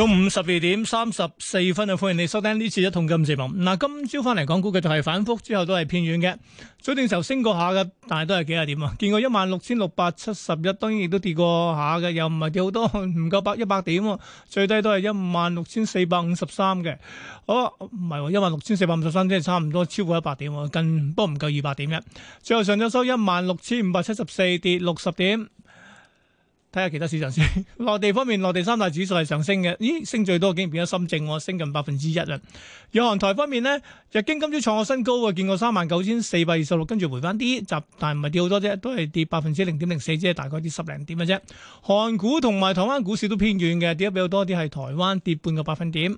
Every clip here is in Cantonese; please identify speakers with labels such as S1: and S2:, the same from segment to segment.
S1: 中午十二點三十四分啊，歡迎你收聽呢次一桶金節目。嗱、啊，今朝翻嚟講股嘅就係反覆之後都係偏軟嘅，早段時升過下嘅，但係都係幾廿點啊，見過一萬六千六百七十一，當然亦都跌過下嘅，又唔係跌好多，唔夠百一百點、啊、最低都係一萬六千四百五十三嘅。哦、啊，唔、啊、係，一萬六千四百五十三即係差唔多超過一百點、啊，近不過唔夠二百點嘅。最後上晝收一萬六千五百七十四，跌六十點。睇下其他市場先。內地方面，內地三大指數係上升嘅，咦？升最多竟然變咗深證，升近百分之一啦。日韓台方面呢，日經今朝創個新高啊，見過三萬九千四百二十六，跟住回翻啲，集但係唔係跌好多啫，都係跌百分之零點零四啫，大概跌十零點嘅啫。韓股同埋台灣股市都偏軟嘅，跌得比較多啲係台灣，跌半個百分點。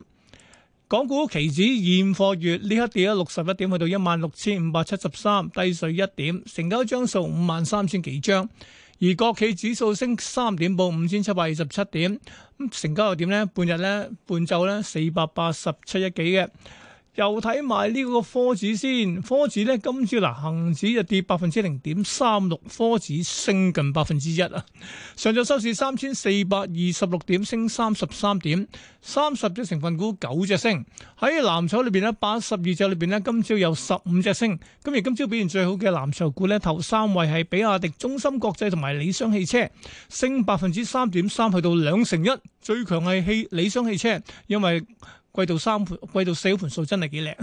S1: 港股期指現貨月呢刻跌咗六十一點，去到一萬六千五百七十三，低水一點，成交張數五萬三千幾張。而國企指數升三點，報五千七百二十七點。成交又點咧？半日咧，半晝咧，四百八十七億幾嘅。又睇埋呢個科指先，科指呢，今朝嗱，恒指就跌百分之零點三六，科指升近百分之一啊。上晝收市三千四百二十六點，升三十三點，三十隻成分股九隻升。喺藍籌裏邊呢，八十二隻裏邊呢，今朝有十五隻升。今日今朝表現最好嘅藍籌股呢，頭三位係比亞迪、中芯國際同埋理想汽車，升百分之三點三，去到兩成一。最強係汽理想汽車，因為。季度三盤、季度四盤數真係幾靚，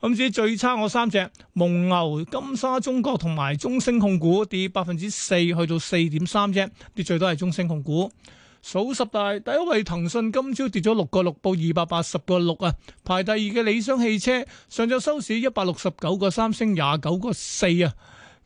S1: 咁至最差我三隻蒙牛、金沙中國同埋中升控股跌百分之四，去到四點三一，跌最多係中升控股。數十大第一位騰訊今朝跌咗六個六，報二百八十個六啊，排第二嘅理想汽車上晝收市一百六十九個三升廿九個四啊。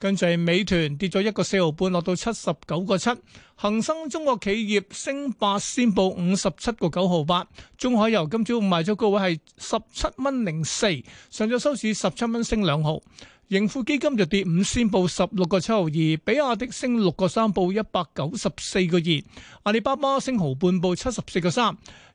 S1: 跟住美團跌咗一個四毫半，落到七十九個七。恒生中國企業升八仙報五十七個九毫八。中海油今朝賣咗個位係十七蚊零四，上咗收市十七蚊升兩毫。盈富基金就跌五仙報十六個七毫二。比亞迪升六個三報一百九十四個二。阿里巴巴升毫半報七十四個三。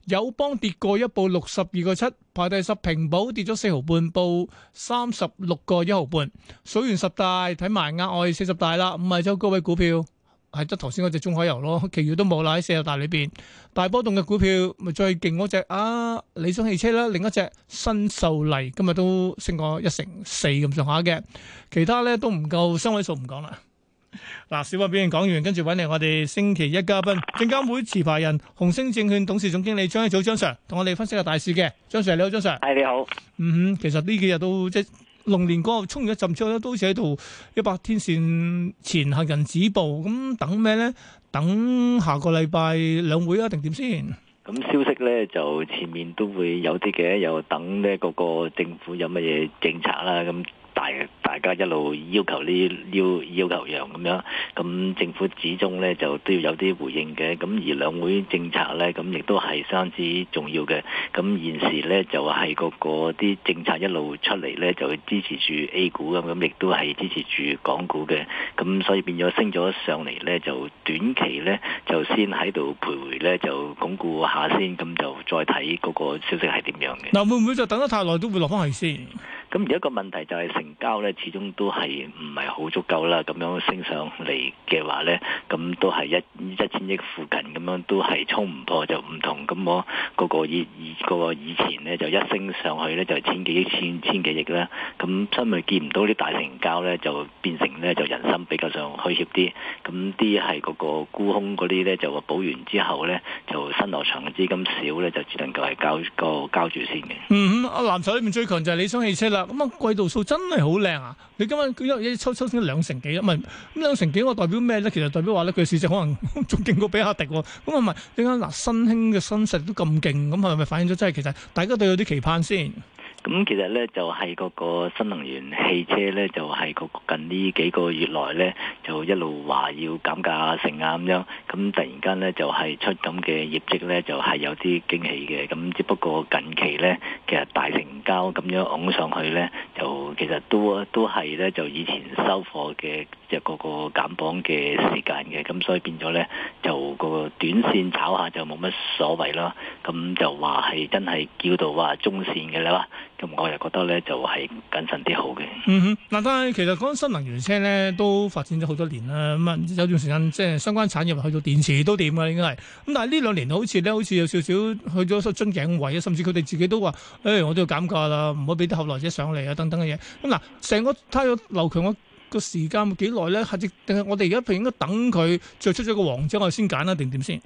S1: 友邦跌過一報六十二個七，排第十平保，跌咗四毫半，報三十六個一毫半。數完十大睇埋額外四十大啦，五萬周高位股票係得頭先嗰隻中海油咯，其餘都冇啦，喺四十大裏邊大波動嘅股票咪最勁嗰隻啊，理想汽車啦，另一隻新秀麗今日都升過一成四咁上下嘅，其他咧都唔夠雙位數，唔講啦。嗱、啊，小巴表現講完，跟住揾嚟我哋星期一嘉賓，證監會持牌人、紅星證券董事總經理張益祖張 sir，同我哋分析下大市嘅。張 sir 你好，張 sir，係你好。嗯，其實呢幾日都即係龍年過後衝完一浸之後咧，都係喺度一百天線前行人止步，咁等咩呢？等下個禮拜兩會啊，定點先？
S2: 咁消息咧就前面都會有啲嘅，又等呢個個政府有乜嘢政策啦、啊，咁。大大家一路要求呢，要要求讓咁樣。咁政府始終呢，就都要有啲回應嘅。咁而兩會政策呢，咁亦都係相當之重要嘅。咁現時呢，就係、是、嗰個啲政策一路出嚟呢，就支持住 A 股咁，咁亦都係支持住港股嘅。咁所以變咗升咗上嚟呢，就短期呢，就先喺度徘徊呢，就鞏固下先，咁就再睇嗰個消息係點樣嘅。嗱，會唔會就等得太耐都會落翻去先？咁而家個問題就係成交咧，始終都係唔係好足夠啦。咁樣升上嚟嘅話咧，咁都係一一千億附近咁樣都衝，都係衝唔破就唔同。咁我嗰、嗰個以以嗰個以前咧，就一升上去咧，就，就千幾億、千千幾億啦。咁因為見唔到啲大成交咧，就變成咧就人心比較上虛怯啲。咁啲係嗰個沽空嗰啲咧，就話補完之後咧，就新落場嘅資金少咧，就只能夠係交個交住先嘅。嗯
S1: 哼，啊藍籌裏面最強就係理想汽車啦。咁啊季度數真係好靚啊！你今晚佢一一抽抽先兩成幾啊？唔係咁兩成幾，我代，代表咩咧？其實代表話咧，佢市值可能仲勁過比，比亞迪喎、哦。咁係咪？你講嗱新興嘅新勢都咁勁，咁係咪反映咗真係其實大家都有啲期盼
S2: 先？咁其實咧就係、是、嗰個新能源汽車咧，就係、是、個近呢幾個月來咧，就一路話要減價成啊咁樣，咁突然間咧就係出咁嘅業績咧，就係、是就是、有啲驚喜嘅。咁只不過近期咧，其實大成交咁樣拱上去咧，就其實都都係咧，就以前收貨嘅。就個個減磅嘅時間嘅，咁所以變咗咧，就個個短線炒下就冇乜所謂啦。咁就話係真係叫到話中線嘅啦。咁我又覺得咧就係、是、謹慎啲好嘅。嗯
S1: 哼，嗱，但係其實講新能源車咧都發展咗好多年啦。咁啊有段時間即係相關產業去到電池都掂嘅，應該係。咁但係呢兩年好似咧，好似有少少去咗一樽頸位，啊，甚至佢哋自己都話：誒、哎，我都要減價啦，唔好俾啲後來者上嚟啊，等等嘅嘢。咁嗱，成個太到劉強，個時間幾耐呢？咧？定係我哋而家係應該等佢著出咗個王者，我哋先揀啦，定點先？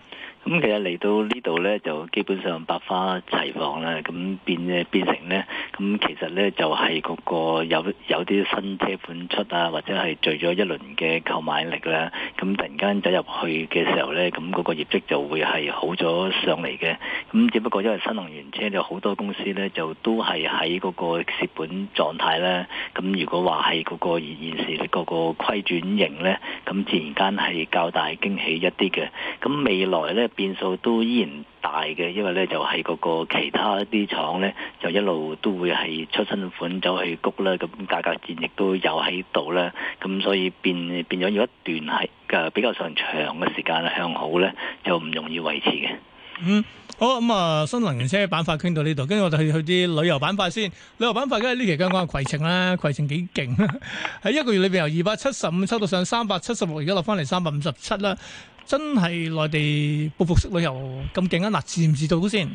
S2: 咁其實嚟到呢度呢，就基本上百花齊放啦。咁變變成呢，咁其實呢，就係嗰個有有啲新車款出啊，或者係聚咗一輪嘅購買力啦。咁突然間走入去嘅時候呢，咁嗰個業績就會係好咗上嚟嘅。咁只不過因為新能源車咧，好多公司呢，就都係喺嗰個蝕本狀態咧。咁如果話係嗰個現現時，其實個個虧轉盈呢，咁自然間係較大驚喜一啲嘅。咁未來呢，變數都依然大嘅，因為呢就係、是、嗰個其他啲廠呢，就一路都會係出新款走去谷啦，咁價格戰亦都有喺度啦。咁所以變變咗要一段係嘅比較上長嘅時間向好呢，就唔容易維持嘅。
S1: 嗯，好咁啊，嗯，新能源車嘅板塊傾到呢度，跟住我哋去去啲旅遊板塊先。旅遊板塊咧呢期剛剛嘅攜程啦，攜程幾勁，喺 一個月裏邊由二百七十五抽到上三百七十六，而家落翻嚟三百五十七啦，真係內地報復式旅遊咁勁啊！嗱，持唔持到先？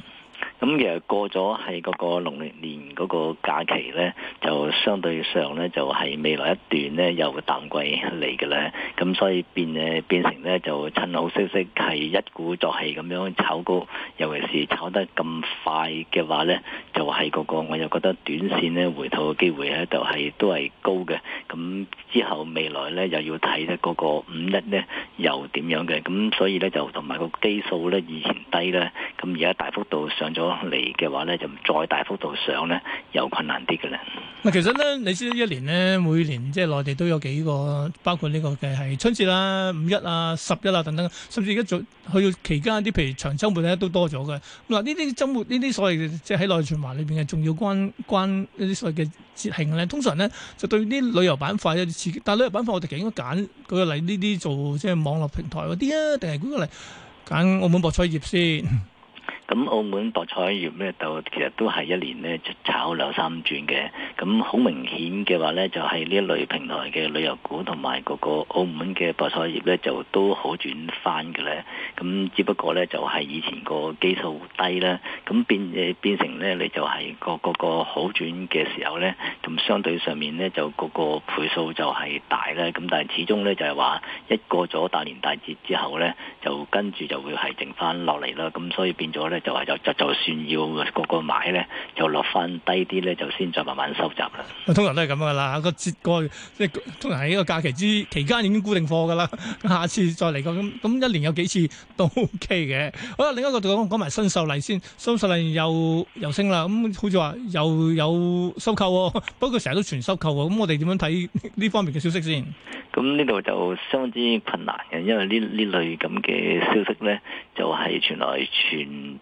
S2: 咁其實過咗係嗰個農曆年嗰個假期咧，就相對上咧就係、是、未來一段咧又淡季嚟嘅咧，咁所以變誒變成咧就趁好消息係一鼓作氣咁樣炒高，尤其是炒得咁快嘅話咧，就係、是、嗰、那個我又覺得短線咧回頭嘅機會咧就係、是、都係高嘅，咁之後未來咧又要睇得嗰個五一咧又點樣嘅，咁所以咧就同埋個基數咧以前低咧，咁而家大幅度上咗。嚟嘅話咧，就再大幅度上咧，有困難啲嘅咧。
S1: 嗱，其實咧，你知一年咧，每年即係內地都有幾個，包括呢個嘅係春節啦、五一啊、十一啊等等，甚至而家做去到期間啲，譬如長週末咧都多咗嘅。嗱，呢啲週末呢啲所謂嘅即係喺內循環裏邊嘅重要關關呢啲所謂嘅節慶咧，通常咧就對啲旅遊板塊有啲刺激，但係旅遊板塊我哋其實應該揀，舉個例呢啲做即係網絡平台嗰啲啊，定係舉個例揀澳門博彩業先。
S2: 咁澳門博彩業咧，就其實都係一年咧炒兩三轉嘅。咁好明顯嘅話咧，就係、是、呢一類平台嘅旅遊股同埋嗰個澳門嘅博彩業咧，就都好轉翻嘅咧。咁只不過咧，就係、是、以前個基數低啦，咁變誒變成咧，你就係個嗰個好轉嘅時候咧，咁相對上面咧就嗰個倍數就係大咧。咁但係始終咧就係話，一過咗大年大節之後咧，就跟住就會係剩翻落嚟啦。咁所以變咗咧。就話就就就算要個個買咧，就落翻低啲咧，就先再慢慢收集啦、那
S1: 個。通常都係咁噶啦，個節個即係通常喺一個假期之期間已經固定貨噶啦。下次再嚟過咁，咁一年有幾次都 OK 嘅。好啦，另一個講講埋新秀麗先，新秀麗又又升啦。咁好似話又有收購、哦，不過成日都全收購喎、哦。咁我哋點樣睇呢方面嘅消息先？
S2: 咁呢度就相當之困難嘅，因為呢呢類咁嘅消息咧。就係傳來傳傳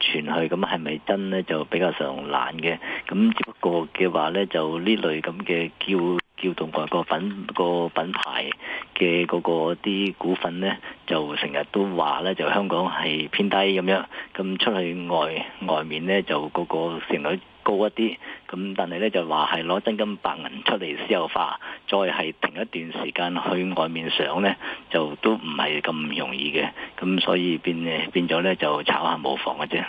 S2: 去，咁係咪真呢就比較上難嘅？咁只不過嘅話呢，就呢類咁嘅叫叫做外國品個品牌嘅嗰個啲股份呢，就成日都話呢，就香港係偏低咁樣，咁出去外外面呢，就個個成率高一啲，咁但係呢，就話係攞真金白銀出嚟私有化，再係停一段時間去外面上呢，就都唔係咁容易嘅，咁所以變變咗呢，就炒下無妨嘅啫。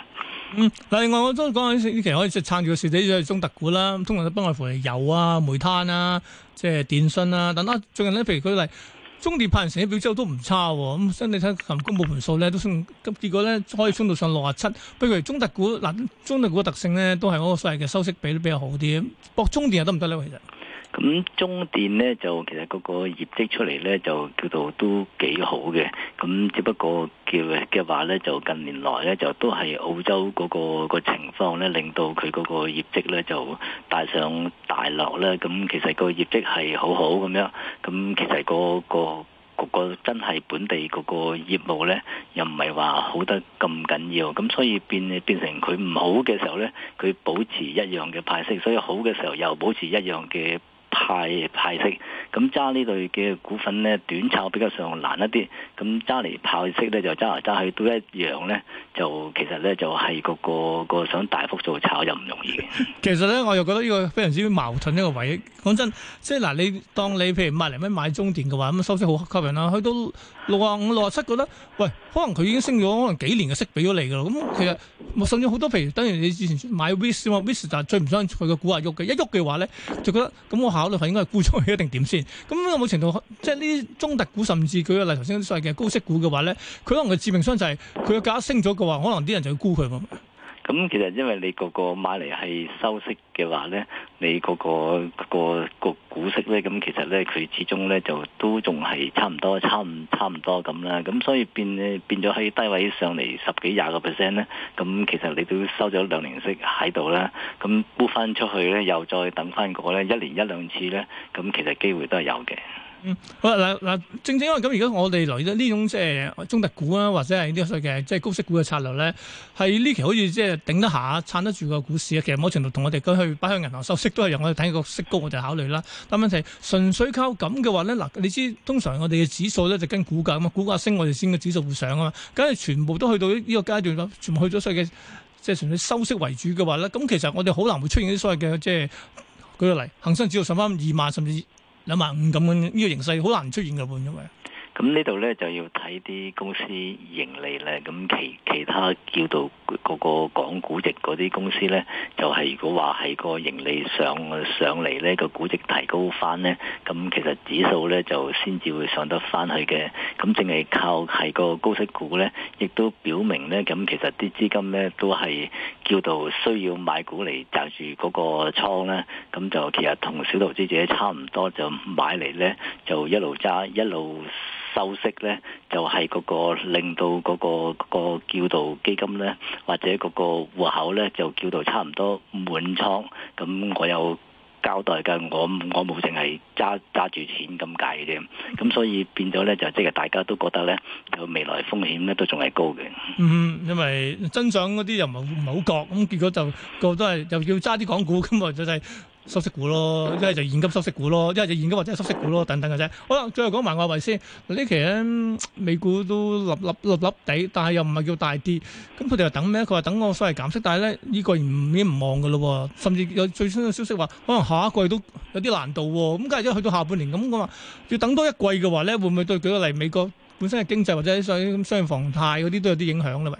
S1: 嗯，嗱，另外我都講起，其實可以即撐住個市，就係中特股啦，通常都不外乎係油啊、煤炭啊、即係電信啊。等等、啊。最近咧，譬如佢例，中電派完成績表之後都唔差喎、啊。咁、嗯、所以你睇近公佈盤數咧都升，咁結果咧可以升到上六啊七。譬如中特股，嗱，中特股嘅特性咧都係嗰個所謂嘅收息比都比較好啲，博中電又得唔得咧？其實？
S2: 咁中電呢，就其實嗰個業績出嚟呢，就叫做都幾好嘅，咁只不過叫嘅話呢，就近年來呢，就都係澳洲嗰個、嗰個情況呢，令到佢嗰個業績呢就大上大落呢，咁其實個業績係好好咁樣，咁其實、嗰個、嗰個個、嗰個真係本地嗰個業務呢又唔係話好得咁緊要，咁所以變變成佢唔好嘅時候呢，佢保持一樣嘅派息，所以好嘅時候又保持一樣嘅。派派息，咁揸呢類嘅股份咧，短炒比較上難一啲。咁揸嚟派息咧，就揸嚟揸去都一樣咧。就其實咧，就係、是、個、個、個個想大幅做炒又唔容易。 其實
S1: 咧，我又覺得呢個非常之矛盾一個位。講真，即係嗱，你當你譬如萬零蚊買中電嘅話，咁收息好吸引啦。去到六啊五、六啊七，覺得喂，可能佢已經升咗可能幾年嘅息俾咗你噶啦。咁、嗯、其實甚至好多，譬如等於你之前買 Vis，咁啊 Vis 最唔想佢嘅股啊喐嘅。一喐嘅話咧，就覺得咁我，嗯嗯考慮係應該沽咗佢一定點先？咁有冇程度，即係呢啲中特股，甚至佢嘅例頭先啲所謂嘅高息股嘅話咧，佢可能致命傷就係佢嘅價升咗嘅話，可能啲人就要沽佢。
S2: 咁其實因為你個個買嚟係收息嘅話呢，你個個個股息呢，咁其實呢，佢始終呢就都仲係差唔多、差唔差唔多咁啦。咁所以變變咗喺低位上嚟十幾廿個 percent 呢，咁其實你都收咗兩年息喺度啦。咁沽翻出去呢，又再等翻個呢，一年一兩次呢，咁其實機會都係有嘅。
S1: 嗯，好啦，嗱嗱，正正因為咁，而家我哋嚟咗呢種即係中特股啊，或者係啲所謂嘅即係高息股嘅策略咧，係呢期好似即係頂得下、撐得住個股市啊。其實某程度同我哋去去擺響銀行收息都係，由我哋睇個息高我就考慮啦。但問題純粹靠咁嘅話咧，嗱，你知通常我哋嘅指數咧就跟股價咁啊，股價升我哋先個指數會上啊嘛。梗係全部都去到呢個階段啦，全部去咗所謂嘅即係純粹收息為主嘅話咧，咁其實我哋好難會出現啲所謂嘅即係舉個例，恒生指數上返二萬甚至。兩萬五，咁樣呢個形勢好難出現㗎喎，因為。
S2: 咁呢度呢，就要睇啲公司盈利呢。咁其其他叫做嗰個港股值嗰啲公司呢，就係、是、如果話係個盈利上上嚟呢、那個估值提高翻呢，咁其實指數呢就先至會上得翻去嘅。咁淨係靠係個高息股呢，亦都表明呢，咁其實啲資金呢都係叫做需要買股嚟揸住嗰個倉呢，咁就其實同小投資者差唔多，就買嚟呢，就一路揸一路。收息咧， 就係嗰令到嗰個個叫做基金咧，或者嗰個戶口咧，就叫做差唔多滿倉。咁我有交代㗎，我我冇淨係揸揸住錢咁解嘅啫。咁所以變咗咧，就即係大家都覺得咧，個未來風險咧都仲係高嘅。嗯，
S1: 因為增長嗰啲又唔係好覺，咁結果就個都係又要揸啲港股，咁、嗯、啊就真係。收息股咯，一係就現金收息股咯，一係就現金或者收息股咯，等等嘅啫。好啦，最後講埋外圍先。期呢期咧，美股都立立立立地，但係又唔係叫大跌。咁佢哋又等咩？佢話等我所謂減息，但係咧呢、呢個已經唔望嘅咯。甚至有最新嘅消息話，可能下一季都有啲難度、啊。咁梗係一去到下半年咁嘅話，要等多一季嘅話咧，會唔會對舉個例？美國本身嘅經濟或者商業房貸嗰啲都有啲影響
S2: 咧？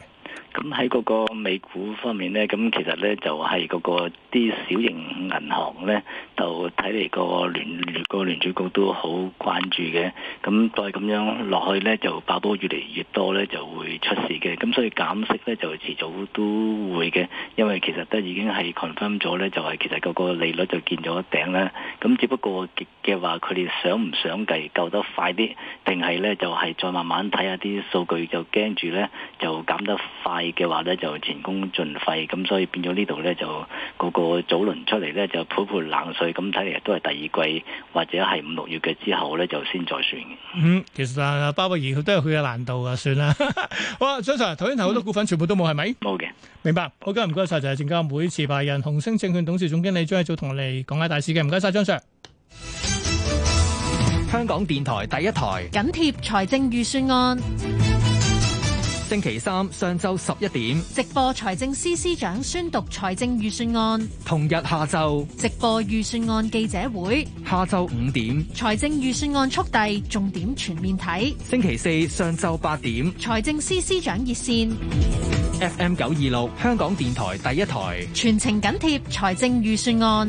S2: 咁喺嗰個美股方面咧，咁其實咧就係嗰、嗰個。啲小型銀行咧，就睇嚟個聯、個聯儲局都好關注嘅。咁再咁樣落去咧，就爆煲越嚟越多咧，就會出事嘅。咁所以減息咧，就遲早都會嘅。因為其實都已經係 confirm 咗咧，就係、是、其實個個利率就見咗頂啦。咁只不過嘅話，佢哋想唔想計救得快啲，定係咧就係、是、再慢慢睇下啲數據，就驚住咧就減得快嘅話咧就前功盡廢。咁所以變咗呢度咧就個,個。個早輪出嚟咧就潑潑冷水，咁睇嚟都係第二季或者係五六月嘅之後咧就先再算
S1: 嘅。嗯，其實巴菲特佢都有佢嘅難度啊，算啦。 好啊，張 Sir，頭先投好多股份，嗯、全部都冇係咪？冇嘅，的明白。好嘅，唔該晒，就係證監會持牌人鴻星證券董事總經理張益祖同我哋講解大市嘅，唔該晒，張 Sir。香港電台第一台緊貼財政預算案。星期三上晝十一點直播財政司司長宣讀財政預算案。同日下晝直播預算案記者會。下晝五點財政預算案速遞，重點全面睇。星期四上晝八點財政司司長熱線。FM 九二六香港電台第一台全程緊貼財政預算
S2: 案。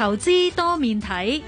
S2: 投
S1: 資多面睇，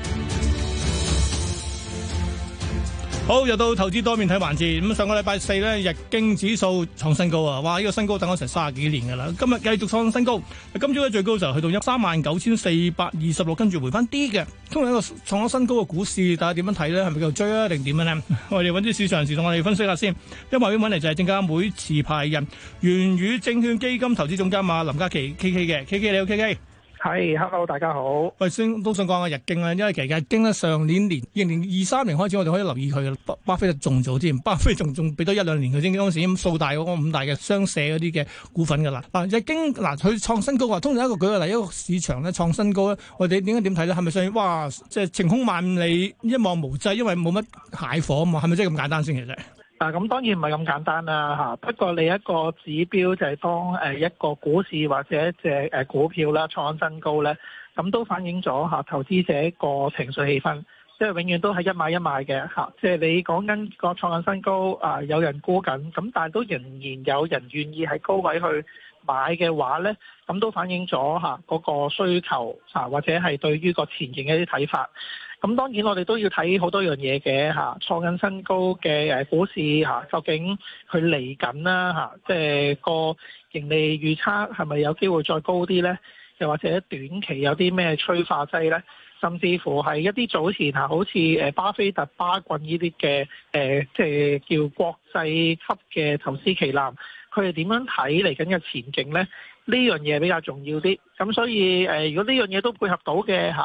S1: 好又到投資多面睇環節。咁上個禮拜四咧，日經指數創新高啊！哇，呢、這個新高等咗成卅幾年噶啦。今日繼續創新高，今朝咧最高就係去到一三萬九千四百二十六，跟住回翻啲嘅。今日一個創新高嘅股市，大家點樣睇咧？係咪繼續追啊，定點樣咧？ 我哋揾啲市場人士同我哋分析下先。因埋邊揾嚟就係證監會持牌人源宇證券基金投資總監啊，林家琪 K K 嘅 K K 你好 K K。係，hello，大家好。我哋先都想講下日經啦，因為其實日經咧上年年應年二三年開始，我哋可以留意佢嘅，巴巴菲特仲早添，巴菲特仲仲俾多一兩年佢先開始咁掃大嗰個五大嘅商社嗰啲嘅股份噶啦。嗱、啊，日經嗱佢創新高啊，通常一個舉個例，一個市場咧創新高咧，我哋點解點睇咧？係咪上哇，即係晴空萬里，一望無際，因為冇乜蟹貨啊嘛？係咪真係咁簡單先？其實？嗱，咁當然唔係咁簡單啦，嚇！不過你一個指標就係當誒一個股市或者隻誒股票啦創新高咧，咁都反映咗嚇投資者個情緒氣氛，即係永遠都係一買一賣嘅嚇。即係你講緊個創新高啊，有人沽緊，咁但係都仍然有人願意喺高位去買嘅話咧，咁都反映咗嚇嗰個需求啊，或者係對於個前景嘅一啲睇法。咁當然我哋都要睇好多樣嘢嘅嚇，創緊新高嘅誒股市嚇，究竟佢嚟緊啦嚇，即係個盈利預測係咪有機會再高啲咧？又或者短期有啲咩催化劑咧？甚至乎係一啲早前啊，好似誒巴菲特、巴郡呢啲嘅誒，即係叫國際級嘅投資旗艦，佢哋點樣睇嚟緊嘅前景咧？呢樣嘢比較重要啲。咁所以誒、啊，如果呢樣嘢都配合到嘅嚇。啊